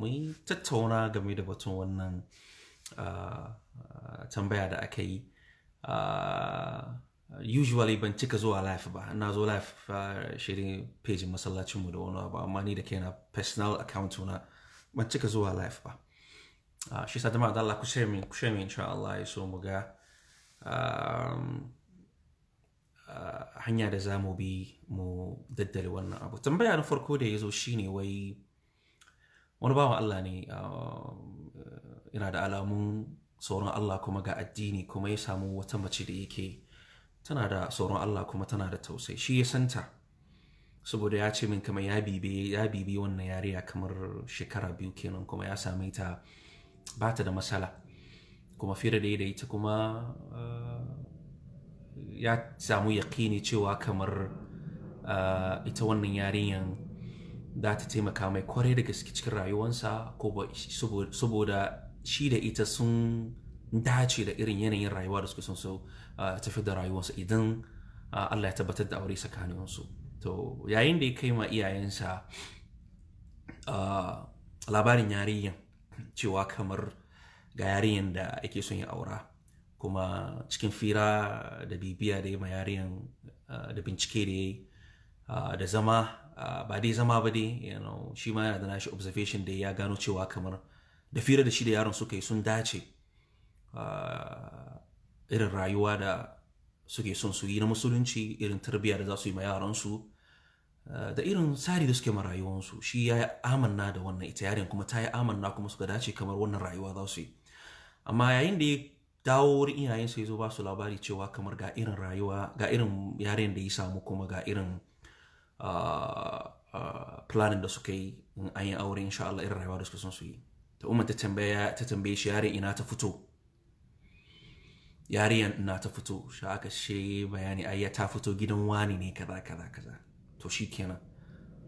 mun tattauna game da batun wannan ah, ah, tambaya da aka yi ah, usually ban cika zuwa live ba na zo live shirin page masallacinmu da wani ba. amma ni da kena personal account na ban cika zuwa live ba shi sa jama'a da Allah ku share min ku min insha Allah ya so mu ga um, hanya da za mu bi mu daddale wannan abu tambaya na farko da ya zo shine wai wani bawan Allah ne um, uh, yana da alamun tsoron Allah kuma ga addini kuma ya samu wata mace da yake tana da tsoron Allah kuma tana da tausai shi ya santa saboda ya ce min kamar ya bibe ya bibe wannan yariya kamar shekara biyu kenan kuma ya same ta ba ta da matsala kuma fira da ita kuma uh, ya samu yaƙini cewa kamar uh, ita wannan yarinyan za ta taimaka mai kwarai da gaske cikin rayuwansa ko saboda shi da ita sun dace da irin yanayin rayuwa da suke son su tafi da rayuwarsa idan Allah ya tabbatar da aure tsakaninsu to yayin da ya kai ma iyayensa labarin yarinyan cewa kamar ga yarinyan da ake son ya aura kuma cikin fira da bibiya da ya ma yarinyan da bincike da ya yi da zama Ah, ba dai zama ba dai shi ma yana da nashi observation da ya gano cewa kamar da fira da shi da yaron suka yi sun dace ah, irin rayuwa da suke son su yi na musulunci irin tarbiyya da za su yi ma yaransu ah, da irin tsari da suke ma rayuwansu shi ya amanna da wannan ita yaren kuma ta yi amanna kuma suka dace kamar wannan rayuwa za su yi amma yayin da ya dawo wurin iyayensa ya zo ba su labari cewa kamar ga irin rayuwa ga irin yaren da ya samu kuma ga irin Uh, uh, planning da suka yi in an yi aure insha Allah irin rayuwa da suka son su yi ta umar ta tambaya ta tambaye shi yarin ina ta fito yariyan ina ta fito shi aka she bayani ai ta fito gidan wani ne kaza kaza kaza to shi kenan,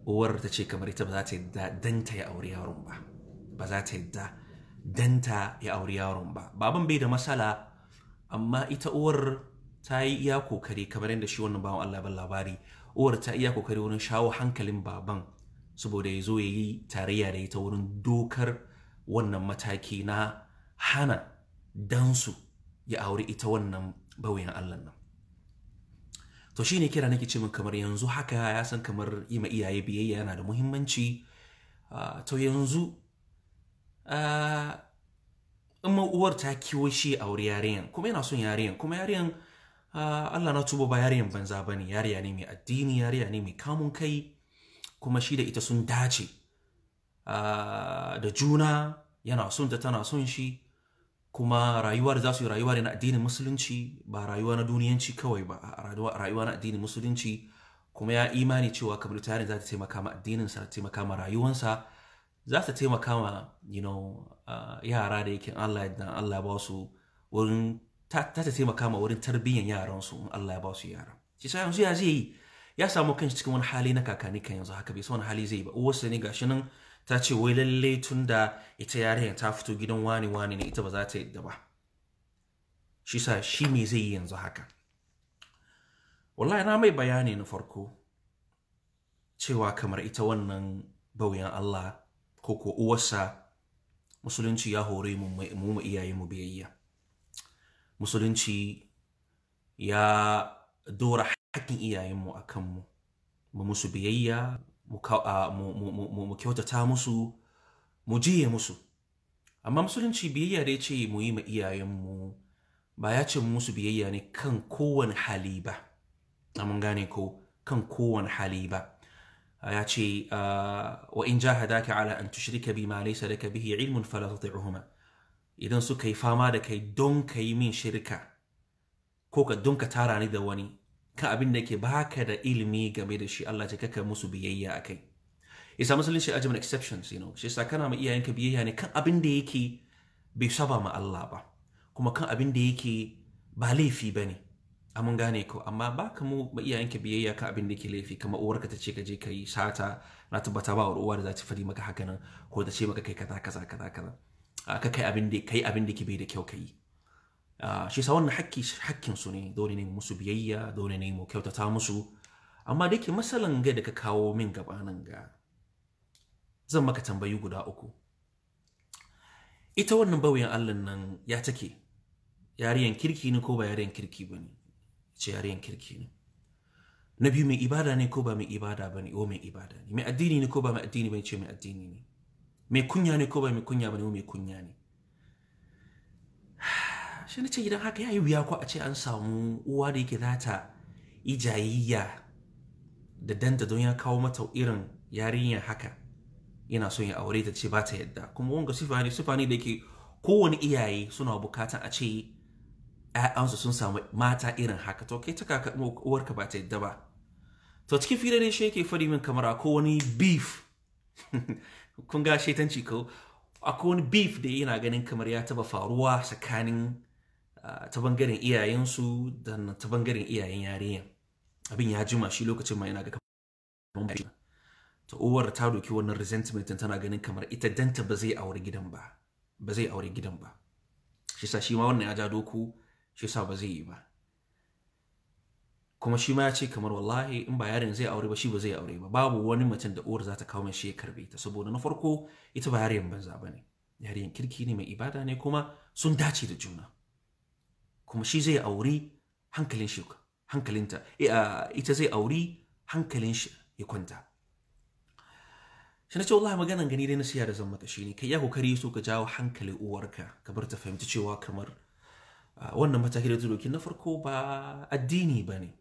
uwar ta ce kamar ita ba za ta yadda ta ya aure yaron ba ba za ta yadda ta ya aure yaron ba baban bai da masala amma ita uwar ta yi iya kokari kamar yadda shi wannan bawan Allah ban labari uwar ta iya kokari wurin shawo hankalin baban saboda ya zo ya yi tarayya da ita wurin dokar wannan mataki na hana dansu ya auri ita wannan bawayin Allah nan to shine kira nake ce min kamar yanzu haka ya san kamar yi ma iyaye biyayya yana da muhimmanci ah, to yanzu ah, in uwar ta kiwo shi auri yariyan kuma yana son yariyan kuma yariyan Ah, Allah na tuba ba yariyan banza ba ne yariya ne mai addini yariya ne mai kamun kai kuma shi da ita sun dace ah, da juna yana son ta tana son shi kuma rayuwar za su yi rayuwa na addinin musulunci ba rayuwa na duniyanci kawai ba rayuwa na addinin musulunci kuma ya imani cewa kabiritarin za ta taimaka ma addininsa ta taimaka ma rayuwansa za ta taimaka ma ah, yara da yakin Allah da Allah ba wurin ta ta taimaka ma wurin tarbiyyar yaransu in Allah ya ba su yara shi sa yanzu ya zai ya samu kanshi cikin wani hali na kakani kan yanzu haka bai san wani hali zai ba uwarsa ne gashi nan ta ce wai lalle tun da ita yarinya ta fito gidan wani wani ne ita ba za ta yadda ba shi sa shi me zai yi yanzu haka wallahi na mai bayani na farko cewa kamar ita wannan bauyan Allah ko ko uwarsa musulunci ya hore mu mu iyayen mu biyayya musulunci ya dora hakkin iyayenmu a kanmu mu musu biyayya mu kyautata musu mu jiye musu amma musulunci biyayya da ya ce mu yi ma iyayenmu ba ya ce musu biyayya ne kan kowane hali ba mun gane ko kan kowane hali ba ya ce wa in jahadaka ala an tushrika bima laysa laka bihi ilmun fala tuti'uhuma idan suka yi fama da kai don ka yi min shirka ko ka don ka tara ni da wani ka abin da ke baka da ilimi game da shi Allah ce kaka musu biyayya a kai isa musulunci ajiyar exceptions you know shi sa kana ma iyayenka biyayya ne kan abin da yake bai saba ma Allah ba kuma kan abin da yake ba laifi ba ne mun gane ko amma ba ka mu ma iyayenka biyayya kan abin da yake laifi kama uwarka ta ce ka je ka yi sata na tabbata ba uwa da za ta fadi maka haka nan ko ta ce maka kai kaza kaza kaza kaza ka kai abin da kai abin da ke bai da kyau kai shi sa wannan hakki hakkin su ne dole ne musu biyayya dole ne mu kyautata musu amma da yake masalan ga da ka kawo min gaba nan ga zan maka tambayi guda uku ita wannan bawayan Allah nan ya take yariyan kirki ne ko ba yariyan kirki bane ce yariyan kirki ne na biyu mai ibada ne ko ba mai ibada bane o mai ibada ne mai addini ne ko ba mai addini bane ce mai addini ne mai kunya ne ko ba mai kunya ba ne mai kunya ne shi na ce idan haka ya yi wuya ko a ce an samu uwa da yake zata ijayiyya da danta don ya kawo mata irin yarinya haka yana son ya aure ta ce ba ta yadda kuma wanga sifa ne da yake kowane iyaye suna bukatan a ce ‘ya'yansu sun samu mata irin haka to kai ta kaka uwarka ba ta yadda ba to cikin fira ne shi yake fari min kamar ko wani beef kun ga shaitanci ko akwai wani beef da yana ganin kamar ya taba faruwa tsakanin ah, ta bangaren iyayensu da ta bangaren iyayen yarinya abin ya jima shi lokacin ma yana ga kamar ta uwar ta doki wannan resentment tana ganin kamar ita danta ba zai aure gidan ba ba zai aure gidan ba shi sa shi ma wannan ya ja doku shi sa ba zai yi ba kuma shi ma ya ce kamar wallahi in ba yaron zai aure ba shi ba zai aure ba babu wani mutum da uwar za ta kawo shi ya karbe ta saboda na farko ita ba yaron banza ba ne yaron kirki ne mai ibada ne kuma sun dace da juna kuma shi zai auri hankalin shi hankalinta eh, ita zai auri hankalin shi ya kwanta shi na ce wallahi maganan gani dai na siya da zan shi ne. kai ya kokari so ka jawo hankalin uwarka ka bar ta fahimci cewa kamar wannan mataki da dokin na farko ba addini ba ne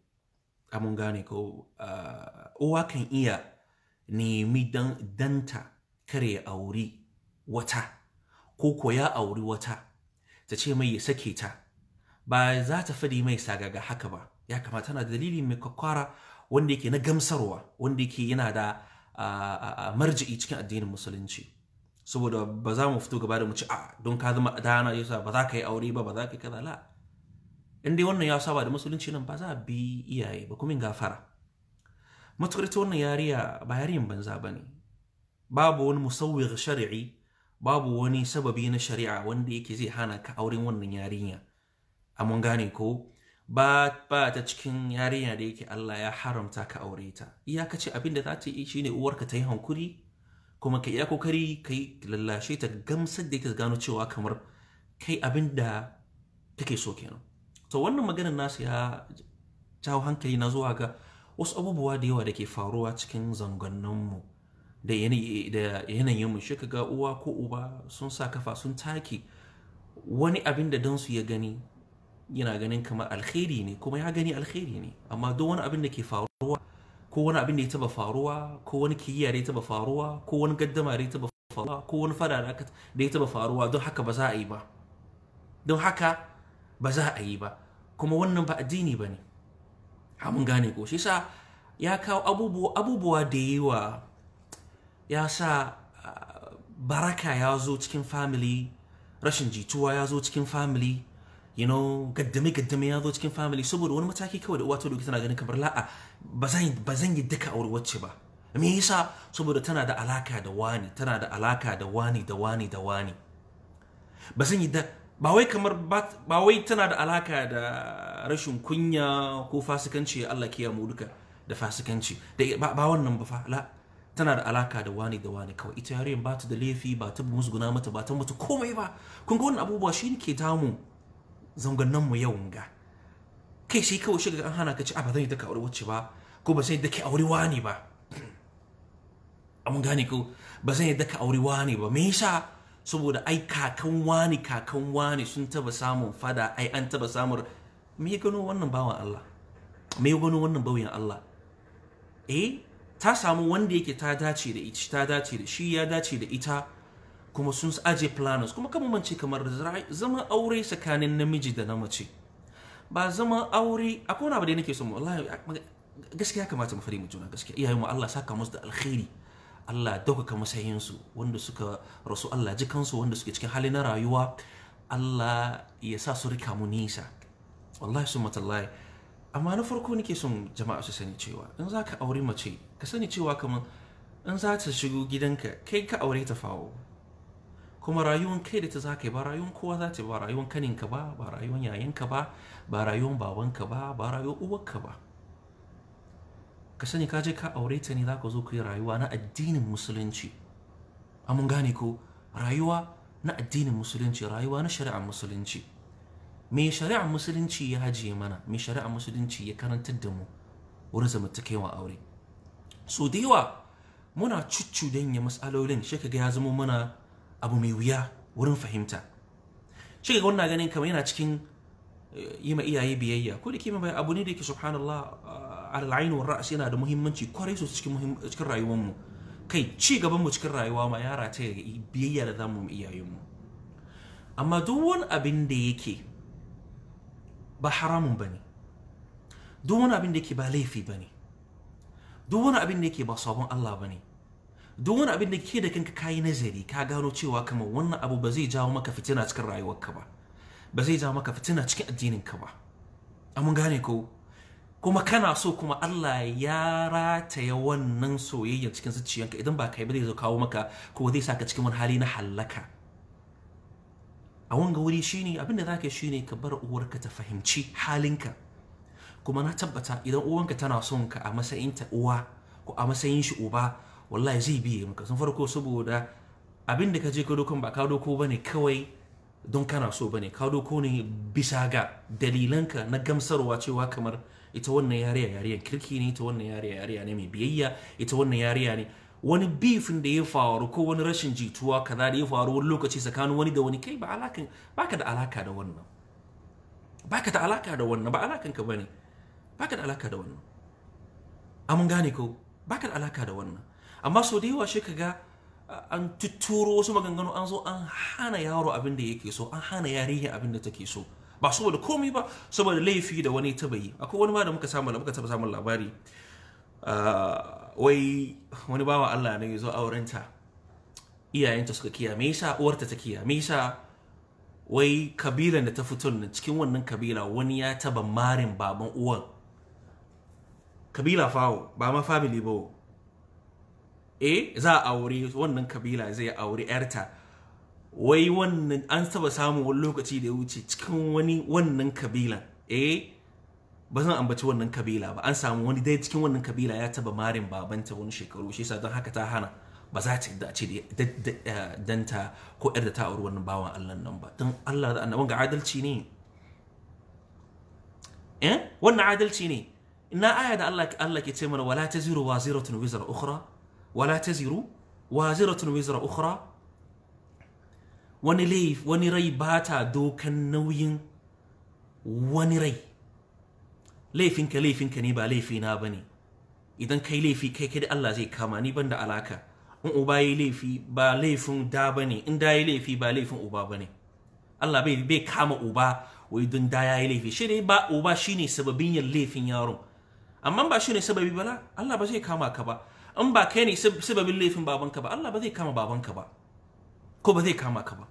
mun gane ko ah, uwa kan iya nemi danta kare auri wata ko ko ya auri wata ta ce mai ya sake ta ba za ta fadi mai sagaga haka ba ya kamata tana dalili mai kwakwara wanda yake na gamsarwa wanda yake yana da ah, ah, marji'i cikin addinin musulunci saboda ba za mu fito gaba da mu ci a don ka zama dana yasa ba za ka yi aure ba ba za ka yi kaza la in dai wannan ya saba da musulunci nan ba za a bi iyaye ba kuma gafara matukar ita wannan yariya ba yariyan banza ba ne babu wani musawwir shari'i babu wani sababi na shari'a wanda yake zai hana ka auren wannan yarinya a mun gane ko ba ta cikin yarinya da yake Allah ya haramta ka aure ta iyakaci abin da za ta yi shine uwarka ta yi hankuri kuma ka iya kokari ka yi lallashe ta gamsar da ita gano cewa kamar kai abin da kake so kenan So wannan maganar nasu ya jawo hankali na zuwa ga wasu abubuwa da yawa da ke faruwa cikin zangonninmu da yanayinmu shi ga uwa ko uba sun sa kafa sun take wani abin da dansu ya gani yana ganin kamar alkhairi ne kuma ya gani alkhairi ne amma duk wani abin da ke faruwa ko wani abin da ya taba faruwa ko wani kiyayya da ya taba faruwa ko wani gaddama da ya taba faruwa ko wani fada da ya taba faruwa don haka ba za a yi ba don haka ba za a yi ba kuma wannan ba addini ba ne mun gane ko shi sa ya kawo abubuwa da yawa ya sa ah, baraka ya zo cikin family rashin jituwa ya zo cikin family you know gaddame gaddame ya zo cikin family saboda wani mataki kawai da uwa ta doki tana ganin kamar la'a ba zan yi duka aure wacce ba me yasa saboda tana da alaka da wani tana da alaka da wani da wani da wani ba zan yi da ba wai kamar ba wai tana da alaka da rashin kunya ko fasikanci Allah ke yamu duka da fasikanci ba wannan ba fa tana da alaka da wani da wani kawai ita yarinyar ba ta da laifi ba ta musguna mata ba ta mutu komai ba kun ga wannan abubuwa shi ke damu zangonnan mu yau ga kai shi kawai shiga an hana ka ci a ah, ba zan yi daka aure wacce ba ko ba zan yi daka aure wani ba mun gane ko ba zan yi daka aure wani ba me yasa saboda ai kakan wani kakan wani sun taba samun fada ai an taba samun me gano wannan bawan Allah me gano wannan bawiyan Allah eh ta samu wanda yake ta dace da ita ta dace da shi ya dace da ita kuma sun aje planos kuma kamar ce kamar zama aure tsakanin namiji da na mace ba zama aure akwai wani abu da nake so wallahi gaskiya kamata mu fari mu juna gaskiya iyayen mu Allah saka musu da alkhairi Allah ɗaukaka masayinsu wanda suka rasu Allah ji kansu wanda suke cikin hali na rayuwa Allah ya sa su rika mu nisa wallahi sun matallahi amma na farko nake son jama'a su sani cewa in za ka aure mace ka sani cewa kamar in za ta shigo gidanka kai ka aure ta fawo kuma rayuwan kai da ta za ka yi ba rayuwan kowa za ta yi ba rayuwan kaninka ba ba rayuwan yayanka ba ba rayuwan babanka ba ba rayuwan uwarka ba ka sani ka je ka aure ta ne za ka zo ku yi rayuwa na addinin musulunci mun gane ko rayuwa na addinin musulunci rayuwa na shari'ar musulunci me shari'ar musulunci ya hajiye mana me shari'ar musulunci ya karantar da mu wurin zamantakewa aure so da yawa muna ya matsalolin shi ga ya zama mana abu mai wuya wurin fahimta shi ga wannan ganin kamar yana cikin eh, yi ma iyaye biyayya ko da kima bai abu ne da yake subhanallah ah, al'ain wa ra'asi yana da muhimmanci kwarai sosai cikin cikin rayuwar mu kai ci gaban mu cikin rayuwa ma yara rata ga biyayya da zamu mu iyayen mu amma duk wani abin da yake ba haramun bane duk wani abin da yake ba laifi bane duk wani abin da yake ba sabon Allah bane duk wani abin da ke da kanka kayi nazari ka gano cewa kamar wannan abu ba zai jawo maka fitina cikin rayuwarka ba ba zai jawo maka fitina cikin addinin ka ba Amun gane ko kuma kana so kuma Allah ya rataya wannan soyayya cikin zuciyanka idan ba kai ba zai zo kawo maka ko zai saka cikin wani hali na hallaka a wanga wuri shine abin da zaka shine ka bar uwarka ta fahimci halinka kuma na tabbata idan uwanka tana son ka a matsayin ta uwa ko a matsayin shi uba wallahi zai biye maka sun farko saboda abin da ka je ka doko ba ka doko bane kawai don kana so bane ka doko ne bisa ga dalilanka na gamsarwa cewa kamar ita wannan yariya yariyan kirki ne ita wannan yariya yariya ne mai biyayya ita wannan yariya ne wani bifin da ya faru ko wani rashin jituwa kaza da ya faru wani lokaci tsakanin wani da wani kai ba alakan baka da alaka da wannan baka da alaka da wannan ba alakan ka bane baka da alaka da wannan amun gane ko baka da alaka da wannan amma so da yawa shi kaga an tuturo wasu maganganu an zo an hana yaro abin da yake so an hana yarinya abin da take so ba saboda komi ba saboda laifi da wani taba yi akwai wani ma da muka samu muka taba samun labari ah, wai wani bawa Allah ne zo aurenta iyayenta suka kiyame sa uwarta ta kiyame wai kabilan da ta fito na cikin wannan kabila wani ya taba marin baban uwan kabila fawo ba ma family ba eh za a aure wannan kabila zai aure yarta wai wannan an saba samun wani lokaci da ya wuce cikin wani wannan kabila eh ba zan ambaci wannan kabila ba an samu wani dai cikin wannan kabila ya taba marin babanta wani shekaru shi yasa don haka ta hana ba za ta yadda da eh, danta ko yar da ta auri wannan bawan Allah nan ba don Allah da annaban ga adalci ne eh wannan adalci ne ina aya da Allah Allah ke ce mana wala taziru waziratun wizra ukhra wala taziru waziratun wizra ukhra wani laif wani rai ba ta dokan nauyin wani rai laifinka laifinka ne ba laifina ba ne idan kai laifi kai kai da Allah zai kama ni ban da alaka in uba yi laifi ba laifin da ba ne in da yi laifi ba laifin uba ba ne Allah bai kama uba wai don da ya yi laifi shi dai ba uba shi ne sababin yin laifin yaron amma ba shi ne sababi bala Allah ba zai kama ka ba in ba kai ne sababin laifin babanka ba Allah ba zai kama babanka ba ko ba zai kama ka ba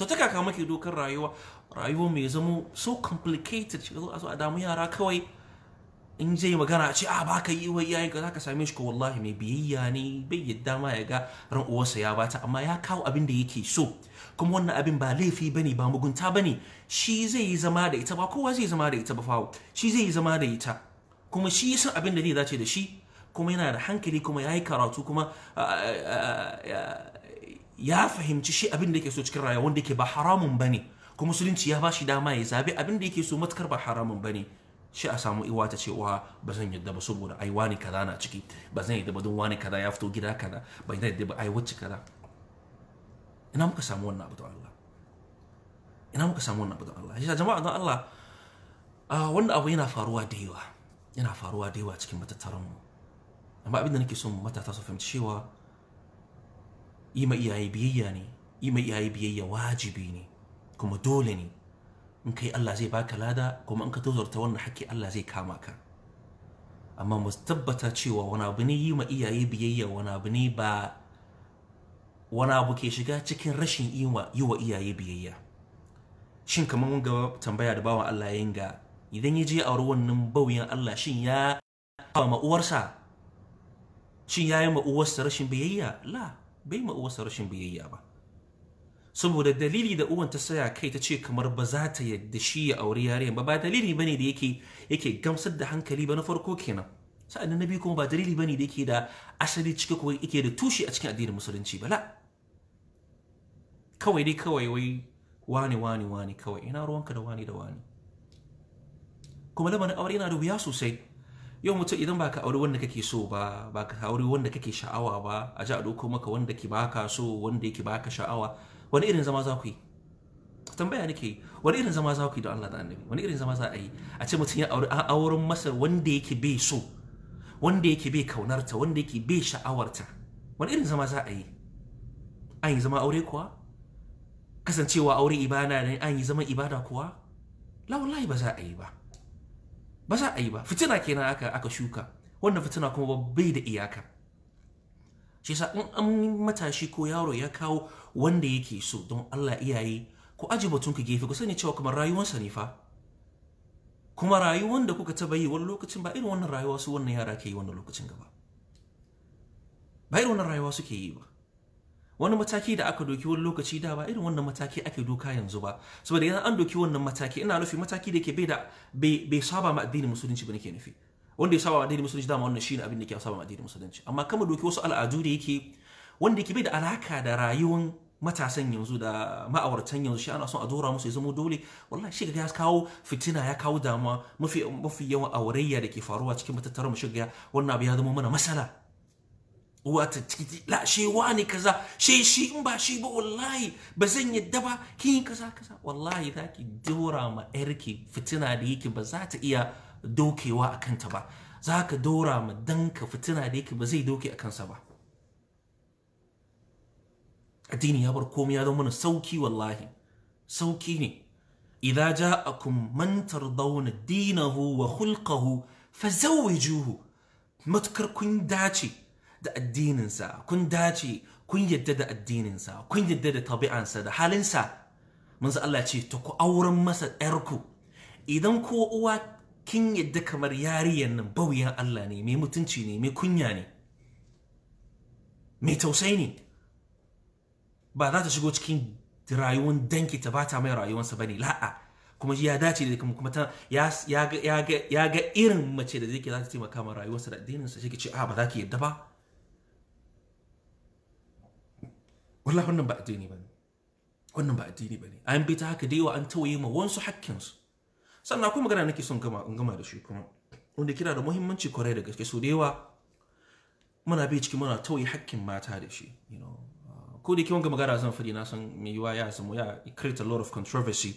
to ta kaka muke dokar rayuwa rayuwa mai zama so complicated shi zo a zo a damu yara kawai in je magana a ce a ah, baka yi wa iyayen ka zaka same shi ko wallahi mai biyayya ne bai yadda ma ya ga ran uwarsa ya bata amma ya kawo abin da yake so kuma wannan abin ba laifi bane ba mugunta bane shi zai yi zama da ita ba kowa zai zama da ita ba fawo shi zai yi zama da ita kuma shi san abin da zai dace da shi kuma yana da hankali kuma ya yi karatu kuma ya fahimci shi abin da yake so cikin rayuwa wanda yake ba haramun ba ne kuma musulunci ya ba shi dama ya zabi abin da yake so matukar ba haramun ba ne shi a samu iwa ta ce wa ba zan yadda ba saboda ai wani kaza na ciki ba zan yadda ba don wani kaza ya fito gida kaza ba yadda ba ai wacce kaza ina muka samu wannan abu da Allah ina muka samu wannan abu da Allah shi jama'a don Allah wanda abu yana faruwa da yawa yana faruwa da yawa cikin matattaran mu amma abinda nake son matata su fahimci cewa yi ma iyaye biyayya ne yi ma iyaye biyayya wajibi ne kuma dole ne in kai Allah zai baka lada kuma in ka tozarta wannan haƙƙi Allah zai kama ka amma mu tabbata cewa wani abu ne yi ma iyaye biyayya wani abu ne ba wani abu ke shiga cikin rashin yi wa iyaye biyayya shin kamar mun gaba tambaya da bawan Allah ya ga idan ya je auri wannan bauyin Allah shin ya ma uwarsa shin ya yi ma'uwarsa rashin biyayya la bai ma'uwarsa rashin biyayya ba saboda dalili da uwan ta saya kai ta ce kamar ba za ta yadda shi ya auri yaren ba ba dalili bane da yake gamsar da hankali ba na farko kenan sa'an na biyu kuma ba dalili bane da yake da asali cike kuma yake da tushe a cikin addinin musulunci ba la kawai dai kawai wai wani wani wani kawai ina ruwanka da wani da wani kuma lamarin aure yana da wuya sosai yau mutum idan baka aure wanda kake so ba baka aure wanda kake sha'awa ba a ji a doko maka wanda ke baka so wanda yake baka sha'awa wani irin zama za ku yi tambaya nake yi wani irin zama za ku yi don Allah da annabi wani irin zama za a yi a ce mutum ya aure an auren masa wanda yake bai so wanda yake bai kaunarta wanda yake bai sha'awarta wani irin zama za a yi an yi zama aure kuwa kasancewa aure ibada ne an yi zama ibada kuwa la wallahi ba za a yi ba ba za a yi ba fitina kenan aka aka shuka wannan fitina kuma bai da iyaka shi yasa in an matashi ko yaro ya kawo wanda yake so don Allah iyaye ku aji batun ka gefe ku sani cewa kuma rayuwarsa ne fa kuma rayuwar da kuka taba yi wani lokacin ba irin wannan rayuwa su wannan yara ke yi wannan lokacin gaba ba irin wannan rayuwa suke yi ba wani mataki da aka doki wani lokaci da ba irin wannan mataki ake doka yanzu ba saboda idan an doki wannan mataki ina nufi mataki da ke bai da bai saba ma addinin musulunci ba nake nufi wanda ya saba ma addinin musulunci dama wannan shine abin da ke saba ma addinin musulunci amma kama doki wasu al'adu da yake wanda ke bai da alaka da rayuwar matasan yanzu da ma'auratan yanzu shi ana son a dora musu ya zama dole wallahi shi ya kawo fitina ya kawo damuwa mafi yawan aurayya da ke faruwa cikin matattarar mu shiga wannan abu ya zama mana masala uwa ta ciki la she wani kaza she shi in ba shi ba wallahi ba zan yadda ba kin kaza kaza wallahi zaki dora ma yarki fitina da yake ba za ta iya dokewa a kanta ba za ka dora ma danka fitina da yake ba zai doke a kansa ba addini ya bar komai ya zama mana sauki wallahi sauki ne idza ja'akum man tardawna dinahu wa khulquhu fazawwijuhu matukar kun dace da addininsa kun dace kun yadda da addininsa kun yadda da tabi'ansa da halinsa manzo Allah ce ta ku auren masa ɗarku idan ko uwa kin yadda kamar yariyan nan bauyan Allah ne mai mutunci ne mai kunya ne mai tausayi ne ba za ta shigo cikin rayuwar danki ta bata mai rayuwarsa bane la'a kuma ya dace da kuma ta ya ga irin mace da zai ke za ta taimaka ma rayuwarsa da addininsa shi ke ce a ba za ki yadda ba wallahi wannan ba addini bane wannan ba addini bane an bi ta haka da yawa an tawaye ma wansu su sannan akwai magana nake son gama in gama da shi kuma wanda kira da muhimmanci kwarai da gaske so da yawa muna bi ciki muna tawaye hakkin mata da shi you know ko da yake wanga magana zan faɗi na san me yiwa ya samu ya create a lot of controversy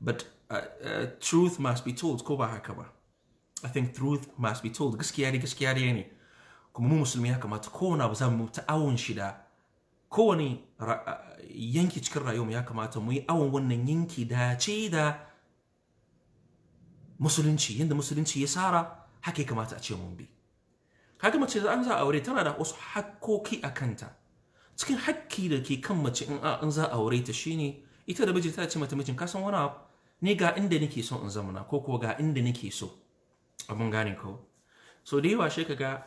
but uh, uh, truth must be told ko ba haka ba I think truth must be told gaskiya ne gaskiya ne kuma mu musulmi ya kamata kowane abu za mu ta'awun shi da kowane yanki cikin mu ya kamata mu yi awon wannan yanki dace da musulunci yadda musulunci ya tsara haka ya kamata a ce mun bi kaga mace da an za a aure tana da wasu hakkoki a kanta cikin hakki da ke kan mace in an za a aure ta shine ita da mijinta ce mata mijin kasan wani abu ni ga inda nake so in zamana ko kuwa ga inda nake so abin gane ko so da yawa shi ga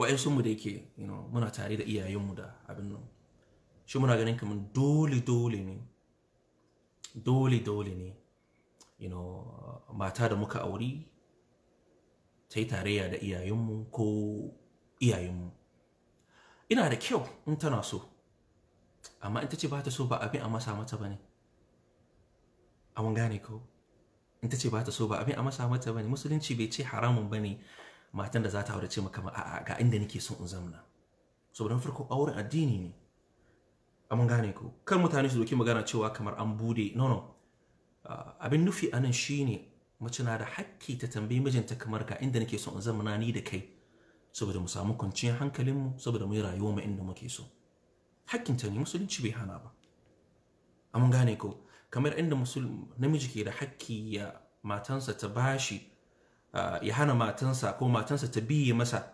wa'yansu mu da yake muna tare da iyayenmu da abin nan shi muna ganin kamar dole dole ne dole dole ne mata da muka auri ta yi tarayya da iyayenmu ko iyayenmu ina da kyau in tana so amma in ta ce ba ta so ba abin a masa mata ba ne a gane ko in ta ce ba ta so ba abin a masa mata ba ne musulunci bai ce haramun ba ne matan da za ta aure ce maka ma a'a ga inda nake son in zamna saboda farko auren addini ne amma gane ku kar mutane su doki magana cewa kamar an bude no no abin nufi anan shine mace na da hakki ta tambayi mijinta kamar ga inda nake son in zamana ni da kai saboda mu samu kwanciyar hankalinmu saboda mu yi rayuwa mu inda muke so ta ne musulunci bai hana ba amma gane ku kamar inda namiji ke da hakki ya matansa ta bashi ya hana matansa ko matansa ta biye masa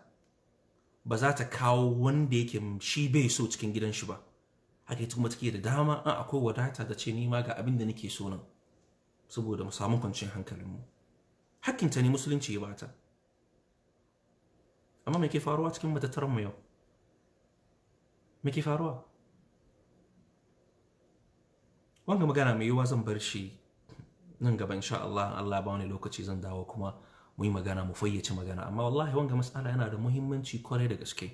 ba za ta kawo wanda yake shi bai so cikin gidan shi ba haka ita kuma take da dama an ah, akwai wadata da ce nima ga abin da nake so nan saboda mu samu kwanciyar hankalinmu hakkinta ne musulunci ya bata amma me ke faruwa cikin mu yau me ke faruwa wanga magana mai yiwuwa zan bar shi nan gaba insha Allah Allah ba wani lokaci zan dawo kuma mu yi magana mu fayyace magana amma wallahi wanga matsala yana da muhimmanci kwarai da gaske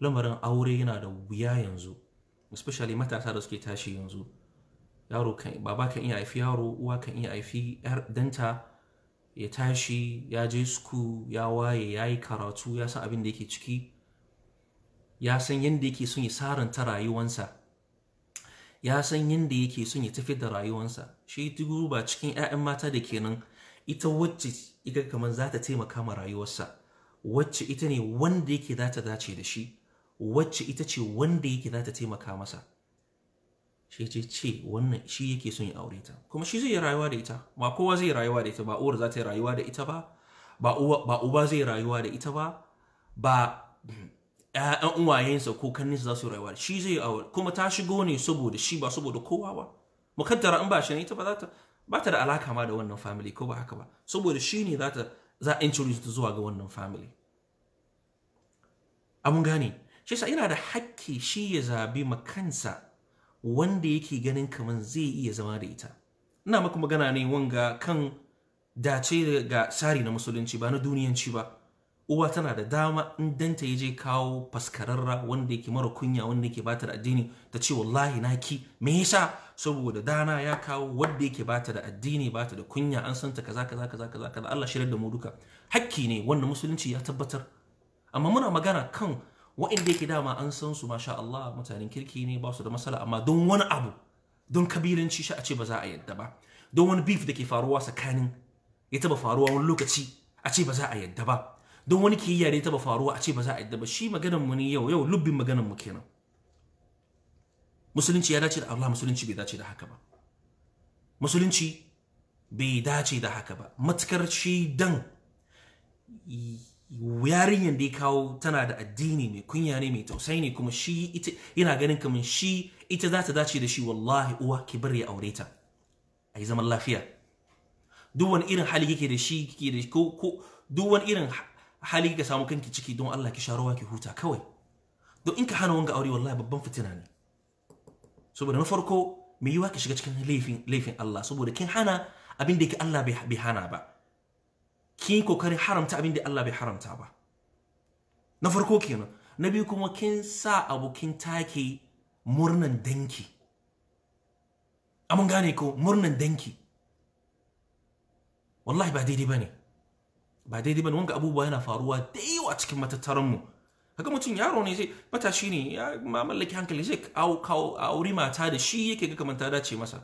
lamarin aure yana da wuya yanzu especially matasa da suke tashi yanzu yaro kan baba kan iya haifi yaro uwa kan iya haifi yar danta ya tashi ya je suku, ya waye ya yi karatu ya san abin da yake ciki ya san yadda yake son ya saranta rayuwansa ya san yadda yake son ya tafi da rayuwansa shi duk ba cikin 'ya'yan mata da kenan ita wacce iga kamar za ta taimaka ma rayuwarsa wacce ita ne wanda yake za ta dace da shi wacce ita ce wanda yake za ta taimaka masa shi ce ce wannan shi yake son ya aure ta kuma shi zai rayuwa da ita ba kowa zai rayuwa da ita ba uwar za ta yi rayuwa da ita ba ba uba zai rayuwa da ita ba ba ‘ya'yan uwayensa ko kanninsa za su rayuwa da shi zai aure kuma ta shigo ne saboda shi ba saboda kowa ba mukaddara in ba shi ne ita ba za ta ba ta da alaka ma da wannan family ko ba haka ba saboda shi ne za ta za a introduce ta zuwa ga wannan family abun gane shi yasa yana da hakki shi ya zabi makansa wanda yake ganin kamar zai iya zama da ita ina maka magana ne wanga kan dace ga tsari na musulunci ba na duniyanci ba uwa tana da dama in danta ya je kawo faskararra wanda yake mara kunya wanda yake bata da addini ta ce wallahi na ki me yasa saboda dana ya kawo wanda yake bata da addini bata da kunya an san ta kaza kaza kaza kaza Allah shirar da mu duka hakki ne wanda musulunci ya tabbatar amma muna magana kan wa'inda yake dama an san su masha Allah mutanen kirki ne ba su da masala amma don wani abu don kabilanci shi a ce ba za a yadda ba don wani beef da ke faruwa tsakanin ya taba faruwa wani lokaci a ce ba za a yadda ba don wani kiyayya yare taba faruwa a ce ba za a yadda ba shi maganar mu ne yau yau lubbin maganar mu kenan musulunci ya dace da Allah musulunci bai dace da haka ba musulunci bai dace da haka ba matukar shi dan yarinyar da ya kawo tana da addini mai kunya ne mai tausayi ne kuma shi ita yana ganin kamar shi ita za ta dace da shi wallahi uwa ki bar ya aure ta a yi zaman lafiya duk wani irin hali kike da shi kike da ko duk wani irin hali ka samu kanki ciki don Allah ki sha rawa ki huta kawai don in ka hana wanga aure wallahi babban fitina ne saboda na farko me yiwa ki shiga cikin laifin laifin Allah saboda kin hana abin da yake Allah bai hana ba kin kokarin haramta abin da Allah bai haramta ba na farko kenan na biyu kuma kin sa abokin take murnan danki amun gane ko murnan danki wallahi ba daidai bane ba daidai ba ne wanga abubuwa yana faruwa da a cikin matattaran mu kaga mutum yaro ne zai matashi ne ya mamallaki hankali zai kawo auri mata da shi yake ga kamar ta dace masa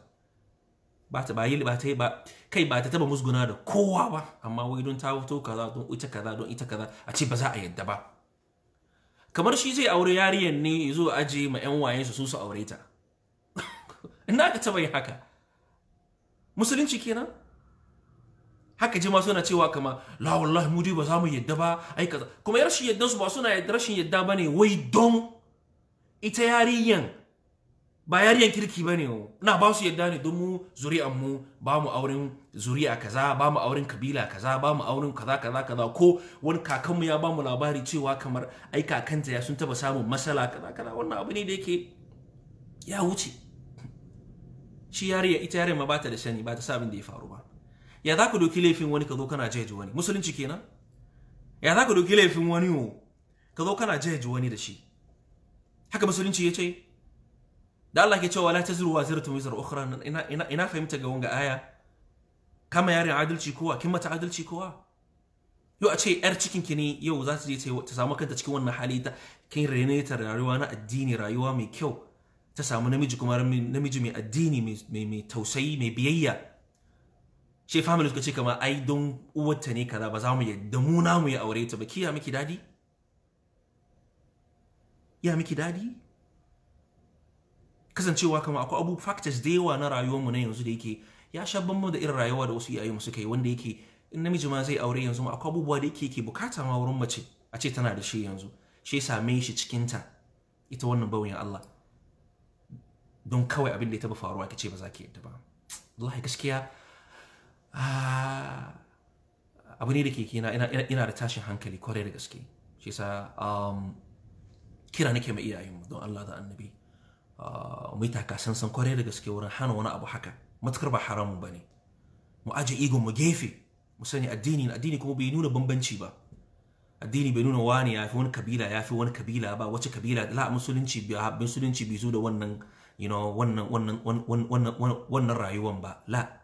ba ta bayi ba ta ba kai ba ta taba musguna da kowa ba amma wai don ta fito kaza don ita kaza don ita kaza a ce ba za a yadda ba kamar shi zai aure yariyan ne zo aje ma yan wayen su su aure ta ina ka taba yin haka musulunci kenan haka ji ma suna cewa kama la wallahi mu ba za mu yadda ba ai kaza kuma rashin yadda su ba suna rashin yadda bane wai don ita yarinyan ba yarinyan kirki bane o na ba su yadda ne don mu zuri'an mu ba mu auren zuri'a kaza ba mu auren kabila kaza ba mu auren kaza kaza kaza ko wani kakanmu ya ba mu labari cewa kamar ai kakanta ya sun taba samun masala kaza kaza wannan abu ne da yake ya wuce shi yariya ita yariya ma ba ta da sani ba ta sa da ya faru ba ya za ku ɗauki laifin wani ka zo kana jaji wani musulunci kenan ya za ku ɗauki laifin wani wo ka zo kana jaji wani da shi haka musulunci ya ce da Allah ke cewa la tazru wa ziratu wizar ukhra ina ina ina fahimta ga wanga aya kama yarin adalci kowa kin mata adalci kowa yau a ce yar cikin ki ne yau za ta je ta samu kanta cikin wannan hali ta kin rene ta rayuwa na addini rayuwa mai kyau ta samu namiji kuma namiji mai addini mai tausayi mai biyayya she family suka ce kamar ai don uwarta ne kaza ba za mu yadda mu na mu ya aure ta ba kiya miki dadi ya miki dadi kasancewa kama akwai abu factors da yawa na rayuwar mu na yanzu da yake ya sha mu da irin rayuwa da wasu iyayen mu suka yi wanda yake in namiji ma zai aure yanzu ma akwai abubuwa da yake yake bukata ma wurin mace a ce tana da shi yanzu shi same shi cikin ta ita wannan bawon Allah don kawai abin da ya taba faruwa kace ba za ki yadda ba wallahi gaskiya Ah, abu ne da ke kina ina da tashin hankali kwarai da gaske shi sa um, kira nake mai mu don Allah da annabi ah, mu yi takasan san kwarai da gaske wurin hana wani abu haka matukar ba haramu ba ne mu aje igon mu gefe mu sani addini addini kuma bai nuna bambanci ba addini bai nuna wani ya fi wani kabila ya fi wani kabila ba wace kabila la musulunci musulunci bai zo da wannan you wannan wannan wannan wannan rayuwan ba la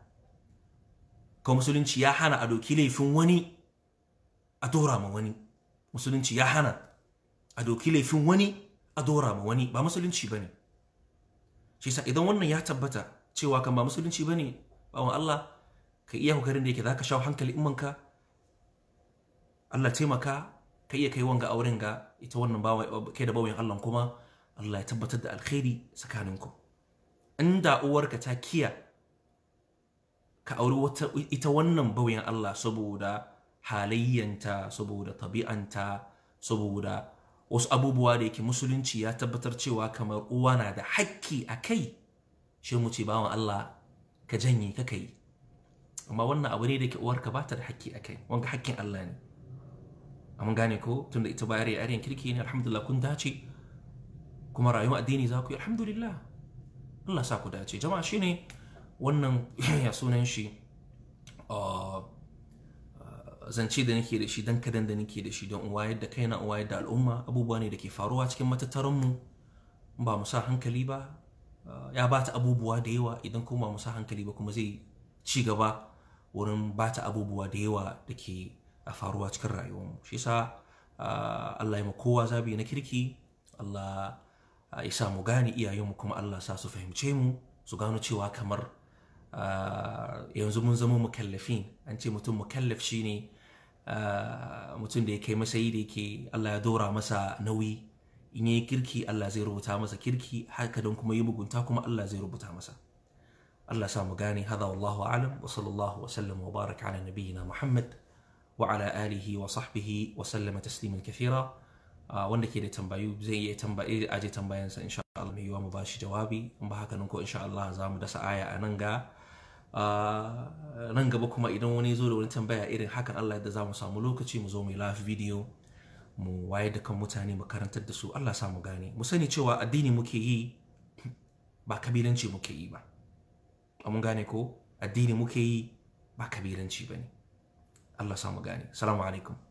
ko musulunci ya hana a doki laifin wani a dora ma wani musulunci ya hana a doki laifin wani a dora ma wani ba musulunci bane shi yasa idan wannan ya tabbata cewa kan ba musulunci bane bawan Allah ka iya kokarin da yake zaka shawo hankali immanka Allah taimaka ka iya kai wanga auren ga ita wannan bawa kai da bawayin Allah kuma Allah ya tabbatar da alkhairi tsakaninku inda uwarka ta kiya ka auri wata ita wannan bauyin Allah saboda halayyanta saboda tabi'anta saboda wasu abubuwa da yake musulunci ya tabbatar cewa kamar uwa na da hakki a kai shi mu ce bawan Allah ka janye ka kai amma wannan abu ne da ke uwarka ba ta da hakki a kai wanga hakkin Allah ne amma gane ko tunda ita bayar yaren kirki ne alhamdulillah kun dace kuma rayuwar addini za ku yi alhamdulillah Allah sa ku dace jama'a shine wannan ya sunan shi uh, uh, zance da nake da shi don kadan da nake da shi don wayar da kaina wayar da al'umma abubuwa ne da ke faruwa cikin matattaranmu ba mu sa hankali ba uh, ya bata abubuwa da yawa idan kuma ba mu sa hankali ba kuma zai ci gaba wurin bata abubuwa da yawa da ke a faruwa cikin mu shi sa Allah ya kowa zabi na kirki Allah ya sa mu gane iyayenmu kuma Allah sa su fahimce mu su gano cewa kamar Ah, yanzu mun zama mukallafin an ce mutum mukallaf shine ah, mutum da ya kai yi da yake Allah ya dora masa nauyi in yi kirki Allah zai rubuta masa kirki haka don kuma yi mugunta kuma Allah zai rubuta masa Allah sa mu gane hada wallahu alam wa sallallahu wa sallam wa baraka ala nabiyyina Muhammad wa ala alihi wa sahbihi wa sallama tasliman kathira ah, wanda ke da tambayu zai iya tambaye aje tambayansa insha Allah mai yiwa mu bashi jawabi in ba haka nan ko insha Allah za mu dasa aya a nan ga nan gaba kuma idan wani zo da wani tambaya irin hakan Allah yadda za mu samu lokaci mu zo mu yi live video mu wayar da kan mutane mu karantar da su Allah samu gane mu sani cewa addini muke yi ba kabilanci muke yi ba mun gane ko addini muke yi ba kabilanci ba ne Allah samu gane salamu alaikum